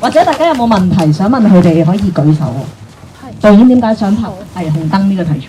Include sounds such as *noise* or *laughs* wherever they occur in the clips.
或者大家有冇問題想問佢哋，可以舉手導是導演點解想拍《好哎、霓虹燈》呢個題材？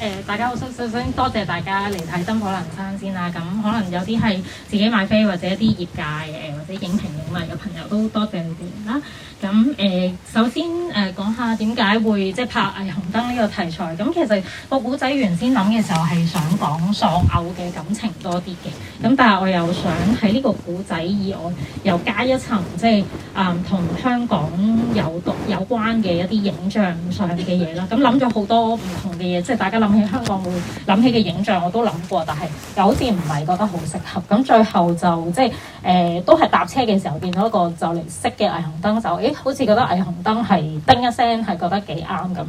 誒、呃，大家好，想首先多謝大家嚟睇《燈火闌珊》先啦。咁、嗯、可能有啲係自己買飛，或者一啲業界誒、呃，或者影評影迷嘅朋友都多謝你哋啦。咁、嗯、誒、嗯，首先誒、呃、講下點解會即係拍《霓虹燈》呢個題材。咁、嗯、其實個古仔原先諗嘅時候係想講喪偶嘅感情多啲嘅。咁、嗯、但係我又想喺呢個古仔以外，又加一層即係誒同香港有有關嘅一啲影像上嘅嘢啦。咁諗咗好多唔同嘅嘢，即係大家諗。喺香港會諗起嘅影像，我都諗過，但係又好似唔係覺得好適合。咁最後就即係誒、呃，都係搭車嘅時候見到一個就嚟熄嘅霓虹燈就，誒、欸、好似覺得霓虹燈係叮一聲係覺得幾啱咁樣。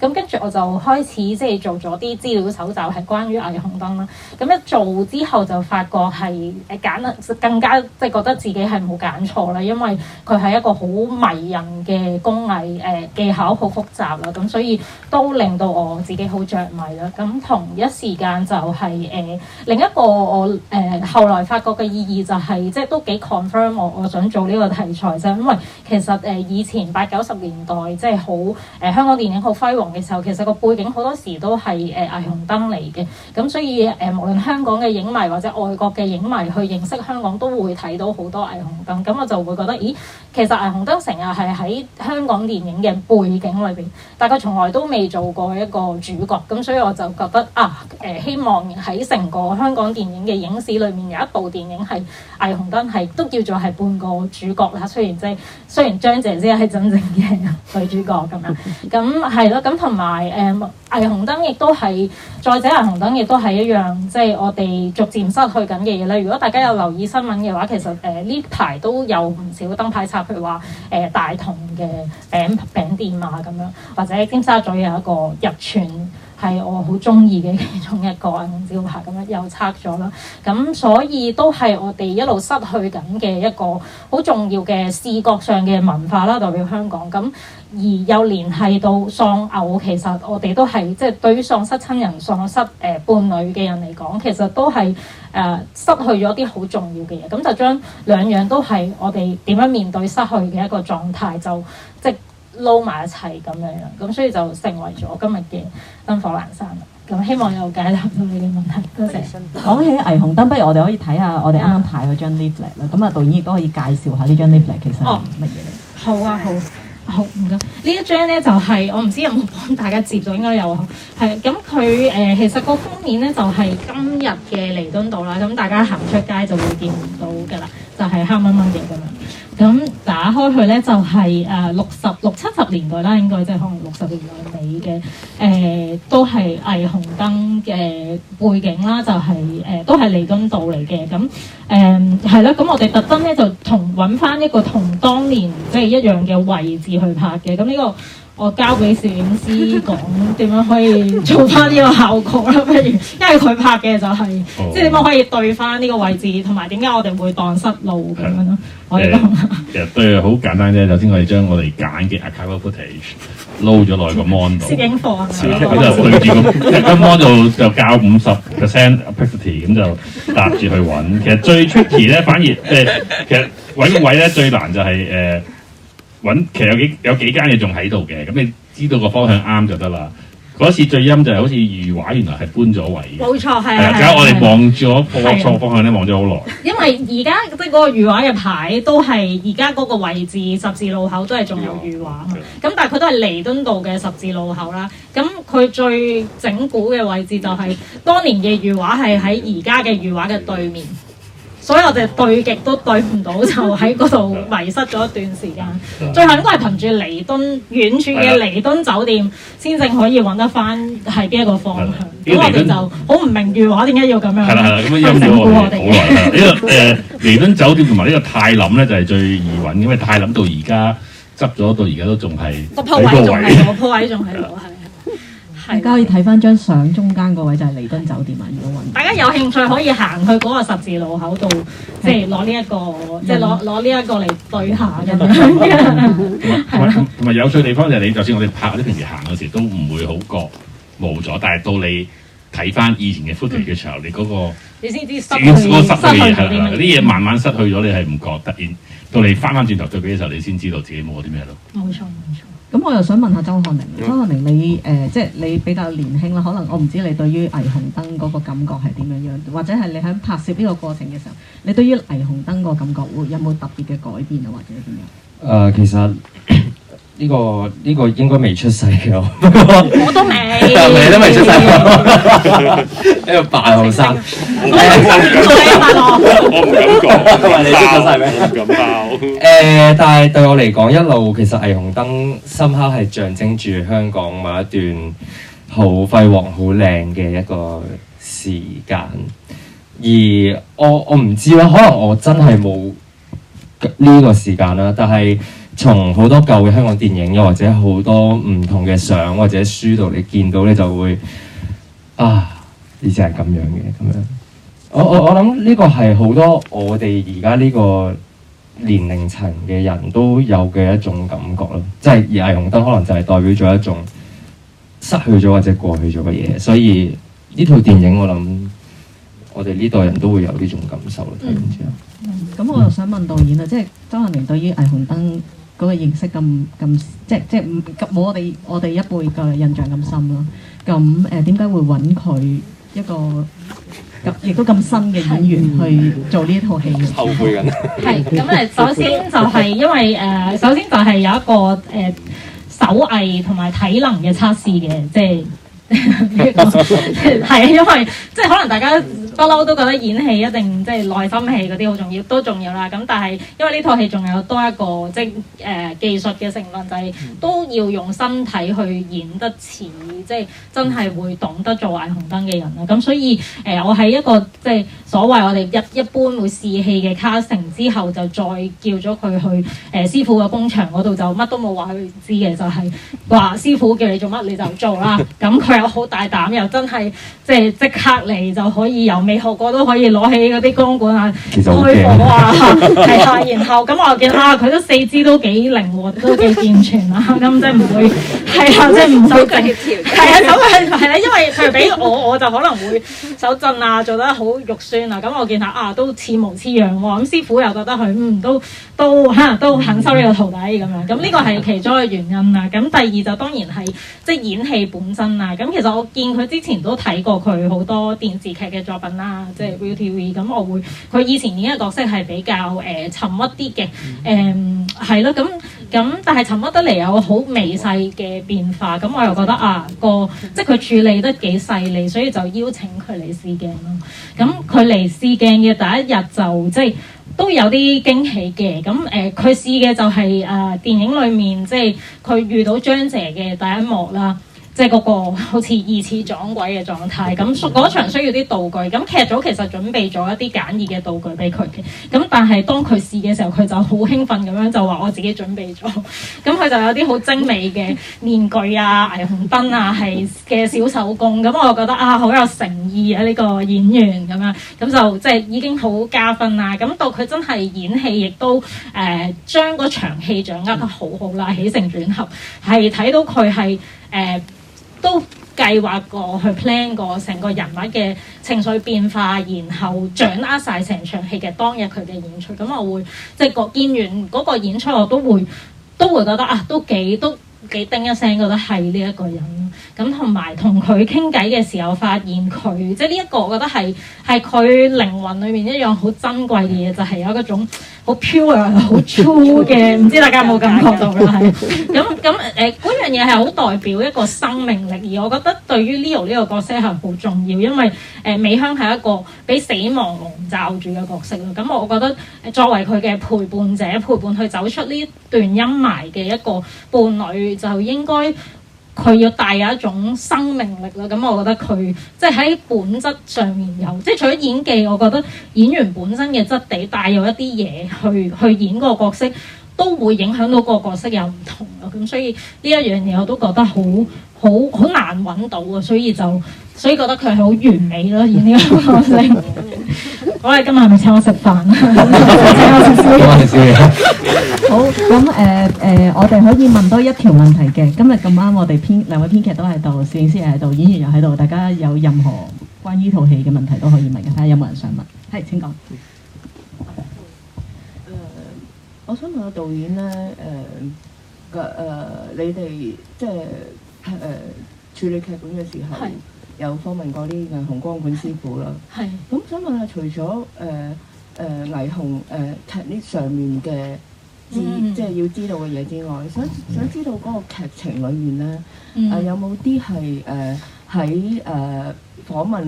咁跟住我就開始即係做咗啲資料蒐集，係關於霓虹燈啦。咁一做之後就發覺係誒揀更加即係覺得自己係冇揀錯啦，因為佢係一個好迷人嘅工藝誒、呃、技巧，好複雜啦。咁所以都令到我自己好着。係啦，咁同一時間就係、是、誒、呃、另一個我誒、呃、後來發覺嘅意義就係、是，即係都幾 confirm 我我想做呢個題材啫。因為其實誒、呃、以前八九十年代即係好誒香港電影好輝煌嘅時候，其實個背景好多時都係誒霓虹燈嚟嘅。咁所以誒、呃、無論香港嘅影迷或者外國嘅影迷去認識香港，都會睇到好多霓虹燈。咁我就會覺得，咦，其實霓虹燈成日係喺香港電影嘅背景裏邊，但係佢從來都未做過一個主角。咁所以所以我就覺得啊，誒、呃、希望喺成個香港電影嘅影史裏面有一部電影係《霓虹燈》，係都叫做係半個主角啦。雖然即係雖然張姐姐係真正嘅女主角咁樣，咁係咯。咁同埋誒《霓虹燈》亦都係再者，《霓虹燈》亦都係一樣即係我哋逐漸失去緊嘅嘢啦。如果大家有留意新聞嘅話，其實誒呢排都有唔少燈牌拆，譬如話誒、呃、大同嘅餅餅店啊，咁樣或者尖沙咀有一個日串。係我好中意嘅其中一個招牌咁樣又拆咗啦，咁所以都係我哋一路失去緊嘅一個好重要嘅視覺上嘅文化啦，代表香港咁，而又連繫到喪偶，其實我哋都係即係對於喪失親人、喪失誒伴侶嘅人嚟講，其實都係誒、呃、失去咗啲好重要嘅嘢，咁就將兩樣都係我哋點樣面對失去嘅一個狀態就即。就是撈埋一齊咁樣樣，咁所以就成為咗今日嘅燈火闌珊啦。咁希望又解答到你啲問題，多謝，謝。講起霓虹燈，不如我哋可以睇下我哋啱啱拍嗰張 leaflet 啦。咁啊、嗯，導演亦都可以介紹下呢張 leaflet 其實哦，乜嘢嚟？好啊，好，好唔該。呢一張咧就係、是、我唔知有冇幫大家接到應該有啊。係，咁佢誒其實個封面咧就係、是、今日嘅彌敦道啦。咁大家行出街就會見到嘅啦，就係、是、黑掹掹嘅咁樣。咁打開佢咧就係誒六十六七十年代啦，應該即、就、係、是、可能六十年代尾嘅誒，都係霓虹燈嘅背景啦，就係、是、誒、呃、都係彌敦道嚟嘅。咁誒係啦，咁我哋特登咧就同揾翻一個同當年即係、就是、一樣嘅位置去拍嘅。咁呢、這個。我交俾攝影師講點樣可以做翻呢個效果啦，不如因為佢拍嘅就係、是，oh. 即係點樣可以對翻呢個位置，同埋點解我哋會盪失路咁樣咯？我哋其實對好簡單啫，首先我哋將我哋揀嘅 archive footage 撈咗落個芒度攝影課啊，係啦樣，的就對住、那個芒度就交五十 percent opacity 咁就搭住去揾。其實最 tricky 咧反而誒，其實揾個位咧最難就係、是、誒。呃其實有幾有幾間嘢仲喺度嘅，咁你知道個方向啱就得啦。嗰次最陰就係好似裕華原來係搬咗位，冇錯係，係啊，而家我哋望咗錯方向咧，望咗好耐。因為而家即係嗰個裕華嘅牌都係而家嗰個位置十字路口都係仲有裕華，咁但係佢都係彌敦道嘅十字路口啦。咁佢最整蠱嘅位置就係當年嘅裕華係喺而家嘅裕華嘅對面。所以我哋對極都對唔到，就喺嗰度迷失咗一段時間。最後應該係憑住彌敦遠處嘅彌敦酒店，先至可以揾得翻係邊一個方向。咁我哋就好唔明嘅話，點解要咁樣？係啦係啦，咁樣陰功我哋。呢個誒彌敦酒店同埋呢個泰林咧，就係最易揾，因為泰林到而家執咗，到而家都仲係個鋪位仲係個鋪位仲係。大家可以睇翻張相，中間嗰位就係彌敦酒店啊！如果大家有興趣可以行去嗰個十字路口度，即係攞呢一個，即係攞攞呢一個嚟對下嘅。係啊，同埋有趣地方就係你，就算我哋拍啲平時行嘅時都唔會好覺冇咗，但係到你睇翻以前嘅 photo 嘅時候，你嗰個你先知失去嘅嘢，嗰啲嘢慢慢失去咗，你係唔覺突然到你翻翻轉頭對比嘅時候，你先知道自己冇咗啲咩咯。冇錯，冇錯。咁我又想問下周漢寧，周漢寧你誒、呃、即係你比較年輕啦，可能我唔知你對於霓虹燈嗰個感覺係點樣樣，或者係你喺拍攝呢個過程嘅時候，你對於霓虹燈個感覺會有冇特別嘅改變啊，或者點樣？誒、呃，其實。呢、這個呢、這個應該未出世嘅，不過我都未、嗯，你都未出世、嗯，喺度扮後生，係啊，唔敢講生，我唔敢爆，誒、欸，但係對我嚟講，一路其實霓虹燈深刻係象徵住香港某一段好輝煌、好靚嘅一個時間。而我我唔知啦，可能我真係冇呢個時間啦，但係，從好多舊嘅香港電影，又或者好多唔同嘅相或者書度，你見到咧就會啊，以前係咁樣嘅咁樣。我我我諗呢個係好多我哋而家呢個年齡層嘅人都有嘅一種感覺咯。即係而霓虹燈可能就係代表咗一種失去咗或者過去咗嘅嘢，所以呢套電影我諗我哋呢代人都會有呢種感受咯。咁、嗯嗯嗯、我又想問導演啊，嗯、即係周柏年對於霓虹燈。嗰個認識咁咁，即即，唔冇我哋我哋一輩嘅印象咁深咯。咁誒點解會揾佢一個亦都咁新嘅演員去做呢一套戲嘅後輩，緊係咁誒。首先就係因為誒、呃，首先就係有一個誒、呃、手藝同埋體能嘅測試嘅，即係係因為即係、即係、可能大家。不嬲都覺得演戲一定即係內心戲啲好重要，都重要啦。咁但係因為呢套戲仲有多一個即係誒、呃、技術嘅成分，就係、是、都要用身體去演得似，即係真係會懂得做霓虹燈嘅人啦。咁所以誒、呃、我係一個即係所謂我哋一一般會試戲嘅 casting 之後就再叫咗佢去誒、呃、師傅個工場度，就乜都冇話佢知嘅，就係話師傅叫你做乜你就做啦。咁佢又好大膽又真係即係即刻嚟就可以有。未學過都可以攞起嗰啲鋼管啊、開火啊，係啊， *laughs* 然後咁我又見嚇佢都四肢都幾靈活，都幾健全啊，咁即係唔會係啊，即係唔會手腳協調，係啊， *laughs* 手腳係咧，因為佢俾我，我就可能會手震啊，做得好肉酸啊，咁我見下，啊都似模似樣喎，咁師傅又覺得佢嗯都都嚇、啊、都肯收呢個徒弟咁樣，咁呢個係其中嘅原因啊。咁第二就係、當然係即係演戲本身啊。咁其實我見佢之前都睇過佢好多電視劇嘅作品。啦，即係 ViuTV 咁，我會佢以前演嘅角色係比較誒、呃、沉鬱啲嘅，誒係咯，咁咁但係沉鬱得嚟有好微細嘅變化，咁我又覺得啊個即係佢處理得幾細膩，所以就邀請佢嚟試鏡咯。咁佢嚟試鏡嘅第一日就即係都有啲驚喜嘅，咁誒佢試嘅就係、是、誒、呃、電影裡面即係佢遇到張姐嘅第一幕啦。即係嗰個好似二次撞鬼嘅狀態咁，嗰場需要啲道具，咁劇組其實準備咗一啲簡易嘅道具俾佢嘅。咁但係當佢試嘅時候，佢就好興奮咁樣就話：我自己準備咗。咁佢就有啲好精美嘅面具啊、霓虹燈啊，係嘅小手工。咁我覺得啊，好有誠意啊！呢個演員咁樣，咁就即係已經好加分啦、啊。咁到佢真係演戲，亦都誒、呃、將嗰場戲掌握得好好啦，起承轉合係睇到佢係。誒、嗯、都計劃過去 plan 過成個人物嘅情緒變化，然後掌握曬成場戲嘅當日佢嘅演出咁、嗯，我會，即係見完嗰個演出，我都會都會覺得啊，都幾都幾叮一聲覺得係呢一個人。咁同埋同佢傾偈嘅時候，發現佢即係呢一個、就是， *laughs* 我覺得係係佢靈魂裏面一樣好珍貴嘅嘢，就係有一種好 pure、好 true 嘅，唔知大家有冇感覺到咧？咁咁誒，嗰樣嘢係好代表一個生命力，而我覺得對於 Leo 呢個角色係好重要，因為誒、呃、美香係一個俾死亡籠罩住嘅角色啦。咁我覺得作為佢嘅陪伴者，陪伴佢走出呢段陰霾嘅一個伴侶，就應該。佢要帶有一種生命力咯，咁我覺得佢即係喺本質上面有，即係除咗演技，我覺得演員本身嘅質地帶有一啲嘢去去演嗰個角色，都會影響到個角色有唔同咯。咁所以呢一樣嘢我都覺得好好好難揾到啊，所以就所以覺得佢係好完美咯，演呢個角色。 *laughs* 我哋今日係咪請我食飯啊？請我食宵夜。好，咁誒誒，我哋可以問多一條問題嘅。今日咁啱，我哋編兩位編劇都喺度，攝影師又喺度，演員又喺度，大家有任何關於套戲嘅問題都可以問嘅。睇下有冇人想問，係 *laughs* 請講。誒，uh, 我想問個導演咧，誒、uh, 誒、uh, uh,，你哋即係誒、uh, 處理劇本嘅時候。有訪問過啲嘅紅光管師傅啦，係咁是想問下，除咗誒誒霓虹誒劇呢上面嘅知，mm. 即係要知道嘅嘢之外，想想知道嗰個劇情裏面咧，誒、呃、有冇啲係誒。呃喺誒、呃、訪問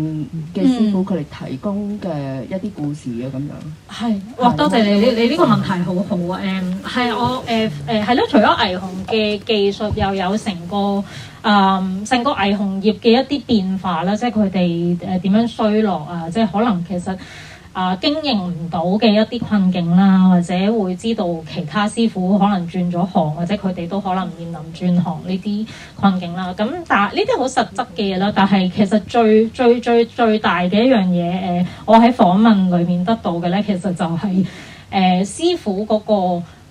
嘅師傅，佢哋提供嘅一啲故事啊，咁、嗯、樣。係，哇！多謝你，你呢個問題好好啊。嗯，係、嗯嗯、我誒誒係咯，除咗霓虹嘅技術，又有成個誒成、嗯、個霓虹業嘅一啲變化啦，即係佢哋誒點樣衰落啊，即係可能其實。啊，經營唔到嘅一啲困境啦，或者會知道其他師傅可能轉咗行，或者佢哋都可能面臨轉行呢啲困境啦。咁但係呢啲好實質嘅嘢啦。但係其實最最最最大嘅一樣嘢，誒、呃，我喺訪問裏面得到嘅咧，其實就係、是、誒、呃、師傅嗰、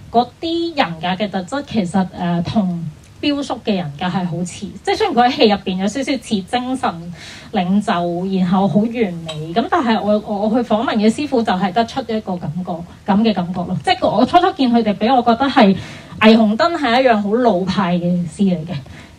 那個嗰啲人格嘅特質，其實誒同標叔嘅人格係好似，即係雖然佢喺戲入邊有少少似精神領袖，然後好完美咁，但係我我去訪問嘅師傅就係得出一個感覺，咁嘅感覺咯。即係我初初見佢哋俾我覺得係霓虹燈係一樣好老派嘅事嚟嘅，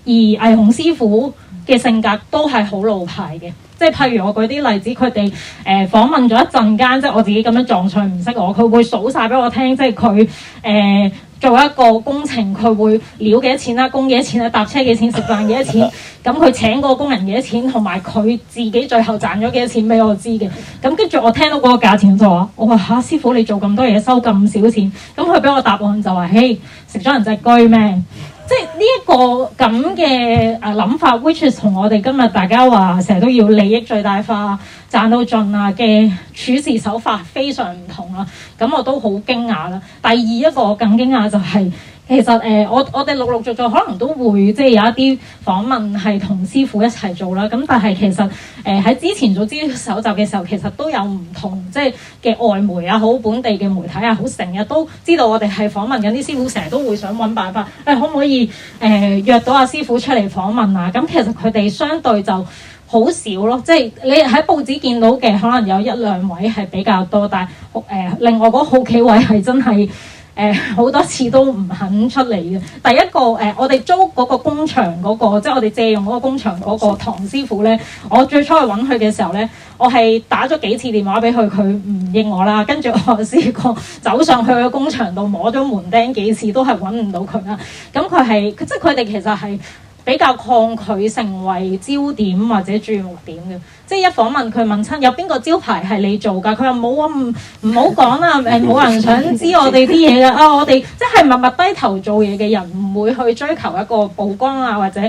而霓虹師傅嘅性格都係好老派嘅。即係譬如我舉啲例子，佢哋誒訪問咗一陣間，即係我自己咁樣撞菜唔識我，佢會數晒俾我聽，即係佢誒。呃做一個工程，佢會料幾多錢啦、啊？工幾多錢啦、啊？搭車幾錢？食飯幾多錢？咁佢 *laughs* 請個工人幾多錢？同埋佢自己最後賺咗幾多錢俾我知嘅？咁跟住我聽到嗰個價錢就話，我話吓、啊，師傅你做咁多嘢收咁少錢？咁佢俾我答案就話：嘿，食咗人隻龜咩？即係呢一個咁嘅誒諗法，which is, 同我哋今日大家話成日都要利益最大化、賺到盡啊嘅處事手法非常唔同啦、啊。咁我都好驚訝啦。第二一個我更驚訝就係、是。其實誒、呃，我我哋陸陸續續可能都會即係、就是、有一啲訪問係同師傅一齊做啦。咁但係其實誒喺、呃、之前做資料蒐集嘅時候，其實都有唔同即係嘅外媒啊，好本地嘅媒體啊，好成日都知道我哋係訪問緊啲師傅，成日都會想揾辦法誒、哎，可唔可以誒、呃、約到阿師傅出嚟訪問啊？咁、嗯、其實佢哋相對就好少咯，即係你喺報紙見到嘅可能有一兩位係比較多，但係誒、呃、另外嗰好幾位係真係。誒好、呃、多次都唔肯出嚟嘅。第一個誒、呃，我哋租嗰個工場嗰、嗰個，即係我哋借用嗰個工場嗰個唐師傅咧。我最初去揾佢嘅時候咧，我係打咗幾次電話俾佢，佢唔應我啦。跟住我試過走上去佢工場度摸咗門釘幾次都，都係揾唔到佢啦。咁佢係即係佢哋其實係比較抗拒成為焦點或者注目點嘅。即係一訪問佢問親有邊個招牌係你做㗎？佢又冇，我唔好講啦，誒，冇、嗯、人想知我哋啲嘢㗎啊！我哋即係默默低頭做嘢嘅人，唔會去追求一個曝光啊或者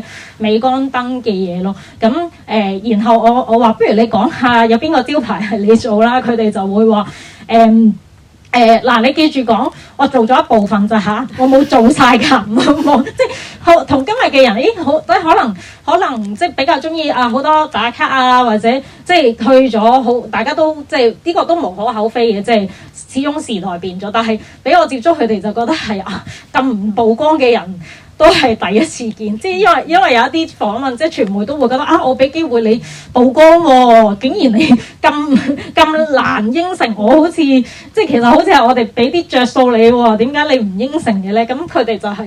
鎂光燈嘅嘢咯。咁誒、呃，然後我我話不如你講下有邊個招牌係你做啦？佢哋就會話誒。嗯誒嗱、哎，你記住講，我做咗一部分就嚇、啊，我冇做曬㗎，冇即係同今日嘅人，咦好即可能可能即係比較鍾意啊好多打卡啊或者即係去咗好大家都即係呢個都無可厚非嘅，即、就、係、是、始終時代變咗，但係俾我接觸佢哋就覺得係啊咁唔曝光嘅人。都係第一次見，即係因為因為有一啲訪問，即係傳媒都會覺得啊，我俾機會你曝光喎，竟然你咁咁難應承，我好似即係其實好似係我哋俾啲着數你喎、哦，點解你唔應承嘅咧？咁佢哋就係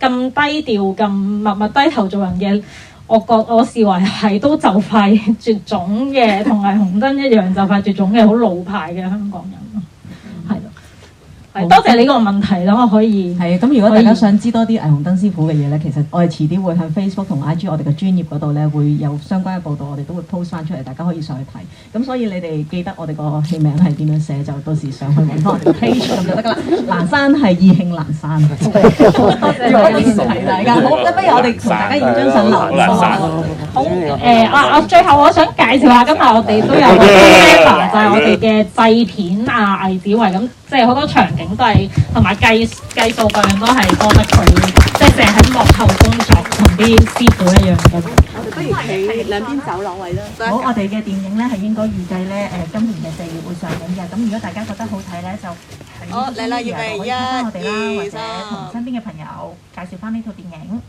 咁低調、咁默默低頭做人嘅，我覺得我視為係都就快絕種嘅，同埋紅燈一樣就快絕種嘅好老派嘅香港人。多謝你個問題啦，可以。係咁如果大家想知多啲霓虹燈師傅嘅嘢咧，其實我哋遲啲會喺 Facebook 同 IG 我哋嘅專頁嗰度咧，會有相關嘅報道，我哋都會 post 翻出嚟，大家可以上去睇。咁所以你哋記得我哋個戲名係點樣寫，就到時上去揾翻個 page 咁就得㗎啦。闌珊係意興闌珊。多謝大家支持，睇大家。好，咁不如我哋同大家認真上樓。好，誒啊！最後我想介紹下，今日我哋都有個 leader 就係我哋嘅製片啊，魏子維咁，即係好多場景。咁都係，同埋計計數嗰樣都係多得佢，即係成日喺幕後工作，同啲師傅一樣嘅。不如你兩邊手攞位啦。好，我哋嘅電影咧係應該預計咧誒、呃，今年嘅四月會上映嘅。咁如果大家覺得好睇咧，就喺 YouTube 可以推薦我哋啦，或者同身邊嘅朋友介紹翻呢套電影。